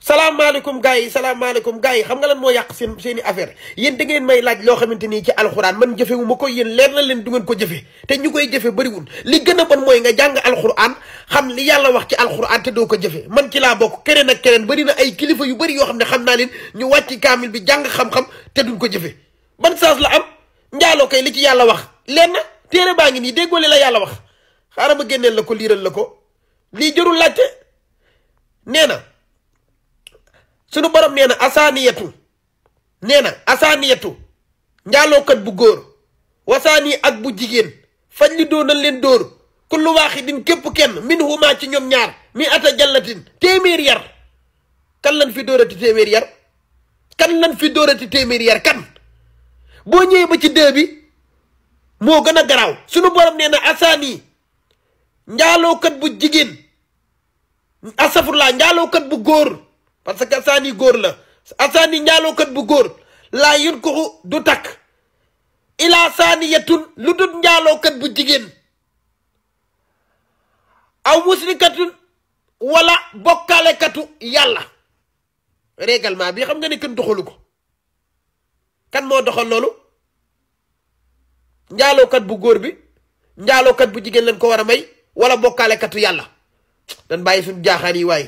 salaamaaleykum gaa yi salaamaaleykum gaa yi xam nga lan moo yàq seen seen affaire yéen da ngeen may laaj loo xamante nii ci alxuraan man jëfewu ma ko yéen leer na leen du ngeen ko jëfe te ñu koy jëfe bëriwul li gën a bon mooy nga jàng alxuraan xam li yàlla wax ci alxuraan te doo ko jëfe man ci laa bokk keneen ak keneen bëri na ay kilifa yu bëri yoo xam ne xam naa leen ñu wàcci kaamil bi jàng xam-xam te duñ ko jëfe ban sens la am njaaloo kay li ci yàlla wax leen na téere baa ngi nii déggoo la yàlla wax xaaral ma génneel la ko liiral la ko lii jërul laaj nee na sunu borom nee na asaaniyatu nee na asaaniyatu njaalookat bu góor wasaani ak bu jigéen fañ li doonal leen dóor kullu waaxidin képp kenn min huma ci ñoom ñaar mi ata jallatin téeméer yar kan lan fi dóorati téeméer yar kan lan fi dóorati téeméer boo ñëwee ba ci dee bi moo gën a garaaw sunu borom nee na asaani njaalookat bu jigéen asafurlaa njaalookat bu góor parce que asaani góor la asaani njaalookat bu góor laa yun koxu du takk ilaa saani yetun lu dul njaalookat bu jigéen aw musrikatun wala bokkaalekatu yàlla règlement bi xam nga ne kenn doxalu ko kan moo doxa loolu njaalookat bu góor bi njaalookat bu jigéen lañ ko war a may wala bokkaalekatu yàlla dañ bàyyi suñ jaaxaan yi